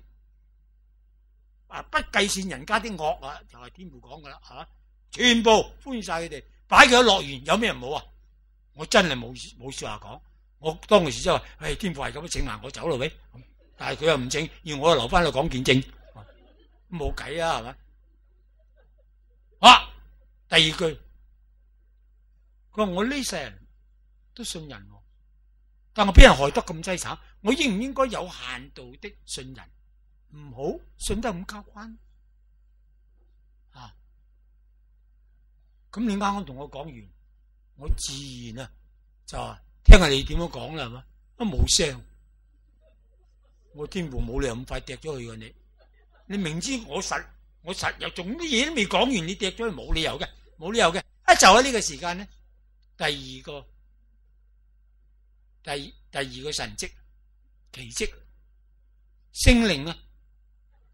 啊，不計算人家啲惡啊，就係天父講噶啦吓，全部寬恕晒佢哋，擺佢喺樂園，有咩人冇啊？我真係冇冇說話講。我當時即係話，唉，天父係咁樣，請埋我走咯，喂，但係佢又唔請，要我留翻去講見證，冇計啊，係咪？啊！第二句，佢話我呢世人都信人，但我俾人害得咁淒慘，我應唔應該有限度的信人？唔好信得咁交關啊！咁你啱啱同我講完，我自然啊就話聽下你點樣講啦，係嘛？乜、啊、冇聲？我天父冇理由咁快踢咗去噶，你你明知我實。我實又做乜嘢都未講完，你趯咗去，冇理由嘅，冇理由嘅。一就喺呢個時間咧，第二個，第第二個神跡奇蹟，聖靈啊，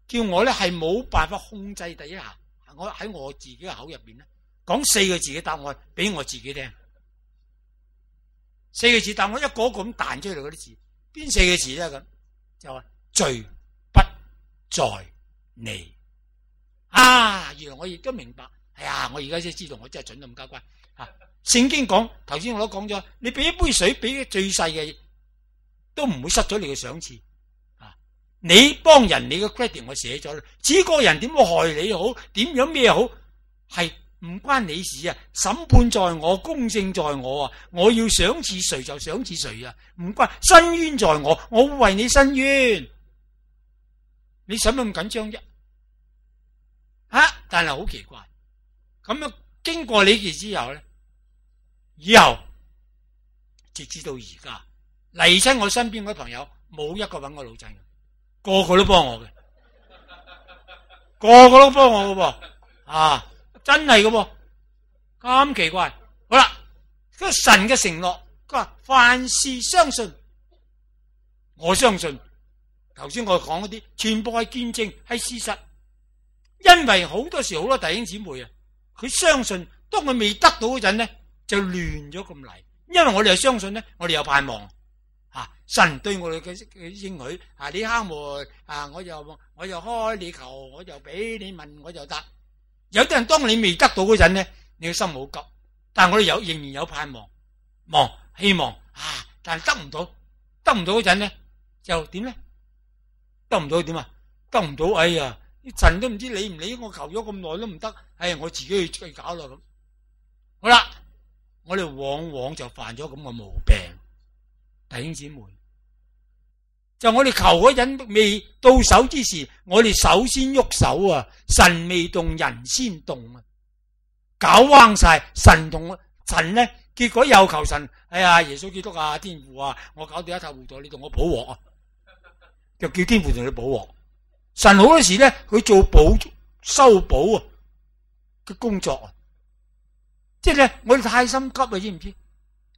叫我咧係冇辦法控制第一下，我喺我自己嘅口入邊咧，講四個字嘅答案俾我，我自己聽，四個字答案，一個一個咁彈出嚟嗰啲字，邊四個字咧？咁，就話罪不在你。啊！原來我亦都明白。哎呀，我而家先知道，我真係準到咁交關。啊，聖經講頭先我講咗，你俾一杯水俾最細嘅，都唔會失咗你嘅賞賜。啊，你幫人，你嘅 credit 我寫咗啦。指個人點樣害你好，點樣咩好，係唔關你事啊！審判在我，公正在我啊！我要賞賜誰就賞賜誰啊！唔關，伸冤在我，我會為你伸冤。你使乜咁緊張啫？吓、啊！但係好奇怪，咁樣經過呢件事之後咧，以後直至到而家嚟親我身邊嗰朋友，冇一個搵我老襯嘅，個個都幫我嘅，個個都幫我嘅噃，啊，真係嘅噃，咁奇怪。好啦，個神嘅承諾，佢話凡事相信，我相信頭先我講嗰啲，全部係見證，係事實。因為好多時好多弟兄姊妹啊，佢相信，當佢未得到嗰陣咧，就亂咗咁嚟。因為我哋又相信咧，我哋有盼望，吓，神對我哋嘅應許，啊，你敲門啊，我就我就開你球，我就俾你問，我就答。有啲人當你未得到嗰陣咧，你嘅心冇急，但係我哋有仍然有盼望，望希望啊，但係得唔到，得唔到嗰陣咧，就點咧？得唔到點啊？得唔到哎呀！神都唔知理唔理我求咗咁耐都唔得，係、哎、我自己去再搞落咁。好啦，我哋往往就犯咗咁嘅毛病，弟兄姊妹。就我哋求嗰人未到手之時，我哋首先喐手啊！神未動，人先動啊！搞歪晒，神同神咧，結果又求神。哎呀，耶穌基督啊，天父啊，我搞到一塌糊塗，你同我補鑊啊！就叫天父同你補鑊。神好多時咧，佢做補修補啊嘅工作啊，即係咧，我哋太心急啊，知唔知？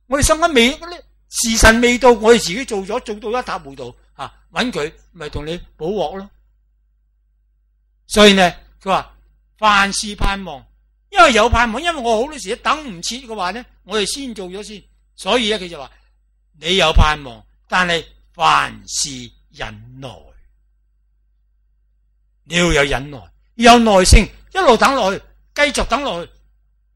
我哋心急未咧，時辰未到，我哋自己做咗，做到一塌糊塗啊！揾佢，咪同你補鑊咯。所以呢，佢話凡事盼望，因為有盼望，因為我好多時等唔切嘅話呢，我哋先做咗先。所以咧，佢就話你有盼望，但係凡事忍耐。你要有忍耐，要有耐性，一路等落去，繼續等落去，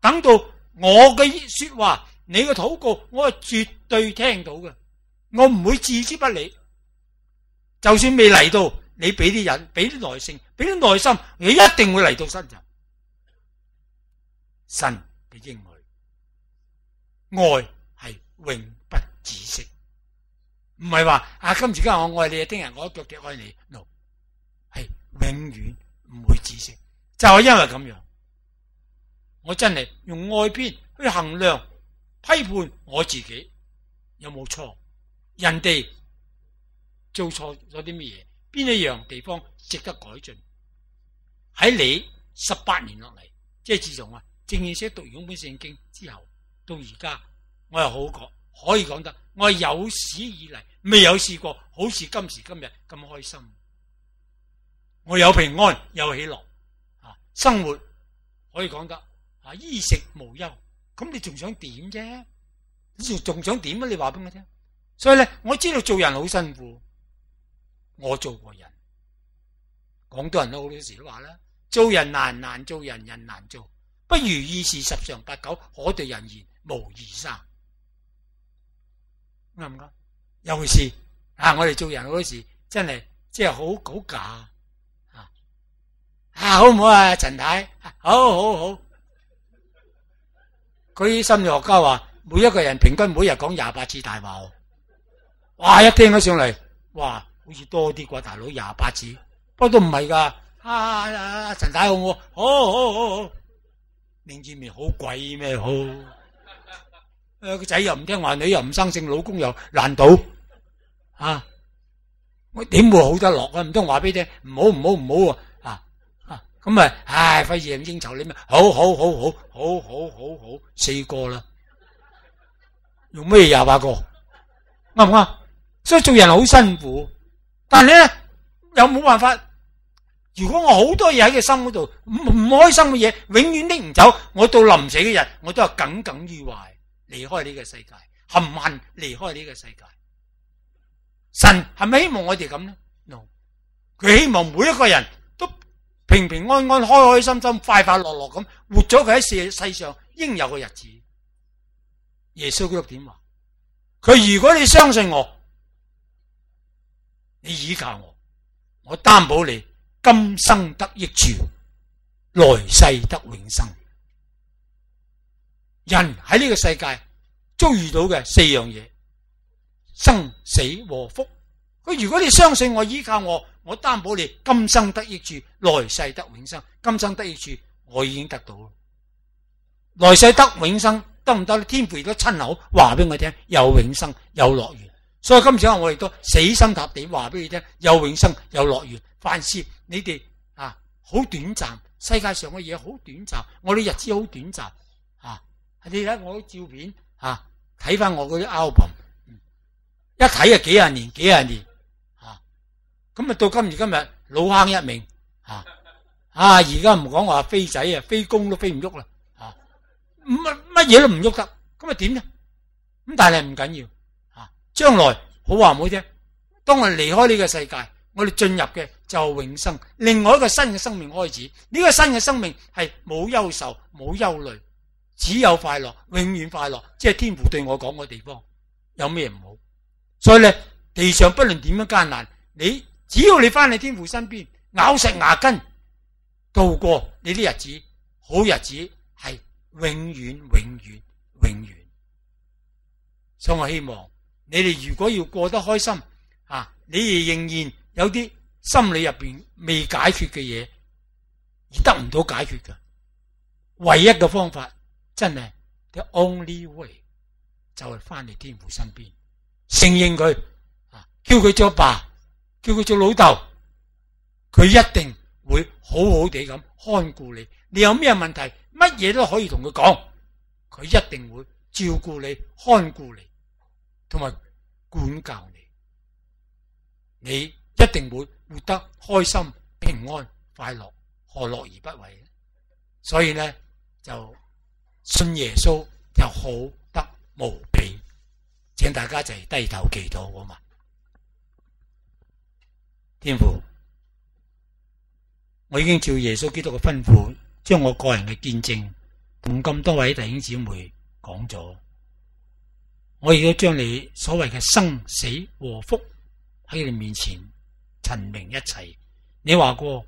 等到我嘅說話，你嘅禱告，我係絕對聽到嘅，我唔會置之不理。就算未嚟到，你俾啲忍，俾啲耐性，俾啲耐心，你一定會嚟到深圳。神嘅應許，愛係永不止息。唔係話啊，今時今日我愛你，聽日我一腳踢開你。No. 永遠唔會止息，就係、是、因為咁樣，我真係用外邊去衡量批判我自己有冇錯，人哋做錯咗啲乜嘢，邊一樣地方值得改進。喺你十八年落嚟，即係自從啊正健寫讀完本聖經之後，到而家我又好講，可以講得，我有史以嚟未有試過，好似今時今日咁開心。我有平安有喜樂，啊，生活可以講得，啊衣食無憂，咁你仲想點啫？你仲仲想點啊？你話俾我聽。所以咧，我知道做人好辛苦，我做過人，廣東人都好多時都話啦，做人難難做，人人難做，不如意事十常八九可對人言無二三。嗯，啱唔啱？有回事啊！我哋做人好多時真係即係好好假。啊，好唔好啊，陳太？好好好，嗰啲心理學家話，每一個人平均每日講廿八次大話。哇，一聽咗上嚟，哇，好似多啲啩，大佬廿八字，不過都唔係噶。啊，陳太我，好好好，面見面好鬼咩？好，誒，個仔又唔聽話，女又唔生性，老公又難倒，啊，我點會好得落啊？唔通話俾你聽，唔好唔好唔好啊！咁咪唉，費事應酬你嘛？好好好好好好好好四個啦，用咩廿八個？啱唔啱？所以做人好辛苦，但係咧又冇辦法。如果我好多嘢喺個心嗰度，唔唔開心嘅嘢，永遠拎唔走。我到臨死嘅日，我都係耿耿於懷，離開呢個世界，含恨離開呢個世界？神係咪希望我哋咁咧？no，佢希望每一個人。平平安安、開開心心、快快樂樂咁活咗佢喺世世上應有嘅日子。耶穌佢點話？佢，如果你相信我，你依靠我，我擔保你今生得益處，來世得永生。人喺呢個世界遭遇到嘅四樣嘢：生死禍福。佢，如果你相信我，依靠我。我擔保你今生得益住，來世得永生。今生得益住，我已經得到啦，來世得永生得唔得咧？天父亦都親口話俾我聽，有永生有樂園。所以今次我我亦都死心塌地話俾你聽，有永生有樂園。凡事你哋啊好短暫，世界上嘅嘢好短暫，我哋日子好短暫啊！你睇我啲照片啊，睇翻我嗰啲 album，一睇就幾廿年，幾廿年。咁啊！到今而今日老坑一名啊啊！而家唔講話飛仔啊，飛公都飛唔喐啦啊！乜乜嘢都唔喐得，咁啊點咧？咁但係唔緊要啊！將來好話唔好聽，當我離開呢個世界，我哋進入嘅就永生，另外一個新嘅生命開始。呢個新嘅生命係冇憂愁、冇憂慮，只有快樂，永遠快樂。即係天父對我講嘅地方，有咩唔好？所以咧，地上不論點樣艱難，你。只要你翻嚟天父身邊咬實牙根度過你啲日子，好日子係永遠、永遠、永遠。所以我希望你哋如果要過得開心，啊，你哋仍然有啲心理入邊未解決嘅嘢，而得唔到解決嘅，唯一嘅方法真係 the only way 就係翻嚟天父身邊，承認佢啊，叫佢做爸。叫佢做老豆，佢一定會好好地咁看顧你。你有咩問題，乜嘢都可以同佢講，佢一定會照顧你、看顧你，同埋管教你。你一定會活得開心、平安、快樂，何樂而不為？所以呢，就信耶穌就好得無比，請大家就係低頭祈禱好嘛？天父，我已經照耶穌基督嘅吩咐，將我個人嘅見證同咁多位弟兄姊妹講咗，我亦都將你所謂嘅生死禍福，喺你面前陳明一切。你話過，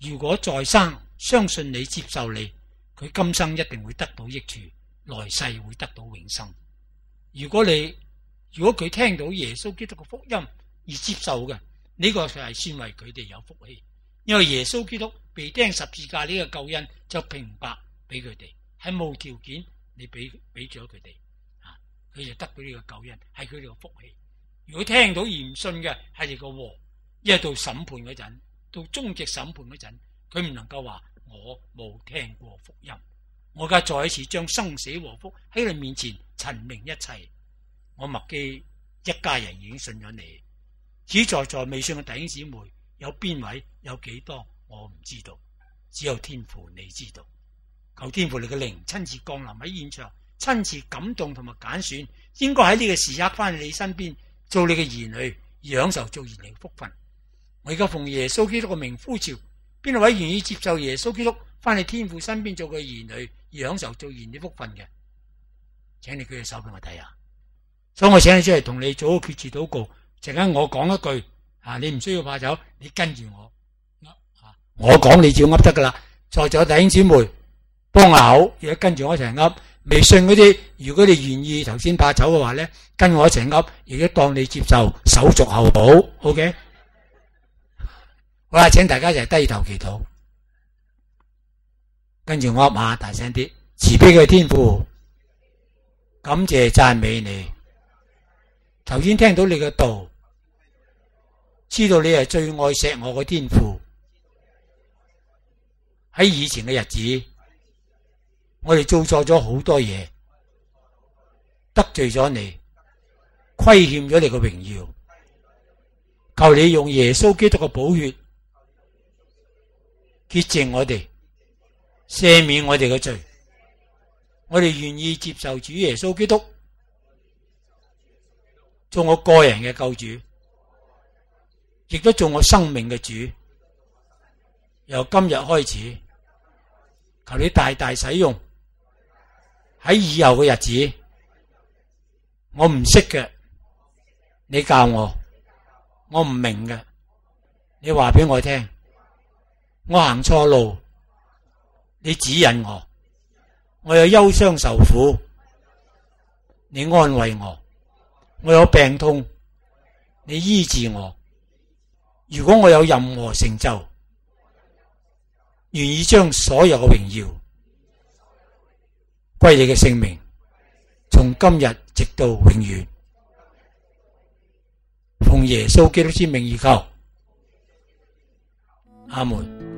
如果再生，相信你接受你，佢今生一定會得到益處，來世會得到永生。如果你如果佢聽到耶穌基督嘅福音而接受嘅，呢個就係算為佢哋有福氣，因為耶穌基督被釘十字架呢個救恩就平白俾佢哋，係無條件你俾俾咗佢哋，佢就得到呢個救恩，係佢哋嘅福氣。如果聽到言信嘅係你個禍，一到審判嗰陣，到終極審判嗰陣，佢唔能夠話我冇聽過福音，我而家再一次將生死禍福喺你面前陳明一切，我默基一家人已經信咗你。只在在座未信嘅弟兄姊妹有邊位有幾多，我唔知道，只有天父你知道。求天父你嘅靈親自降臨喺現場，親自感動同埋揀選，應該喺呢個時刻翻去你身邊做你嘅兒女，享受做兒女嘅福分。我而家奉耶穌基督嘅名呼召，邊位願意接受耶穌基督翻去天父身邊做佢兒女，享受做兒女嘅福分嘅？請你舉隻手俾我睇下。所以我請你出嚟同你做好決志禱告。陣間我講一句，啊，你唔需要怕醜，你跟住我，我講你照噏得㗎喇。在座弟兄姊妹，幫手亦都跟住我一齊噏。未信嗰啲，如果你願意頭先怕醜嘅話咧，跟我一齊噏，亦都當你接受手續後補。OK，好啦，請大家一齊低頭祈禱，跟住我噏，大聲啲，慈悲嘅天父，感謝讚美你，頭先聽到你嘅道。知道你係最愛錫我嘅天父。喺以前嘅日子，我哋做錯咗好多嘢，得罪咗你，虧欠咗你嘅榮耀。求你用耶穌基督嘅寶血潔淨我哋，赦免我哋嘅罪。我哋願意接受主耶穌基督做我個人嘅救主。亦都做我生命嘅主，由今日開始，求你大大使用。喺以後嘅日子，我唔識嘅，你教我；我唔明嘅，你話俾我聽。我行錯路，你指引我；我有憂傷受苦，你安慰我；我有病痛，你醫治我。如果我有任何成就，願意將所有嘅榮耀歸你嘅聖名，從今日直到永遠，奉耶穌基督之名而求，阿門。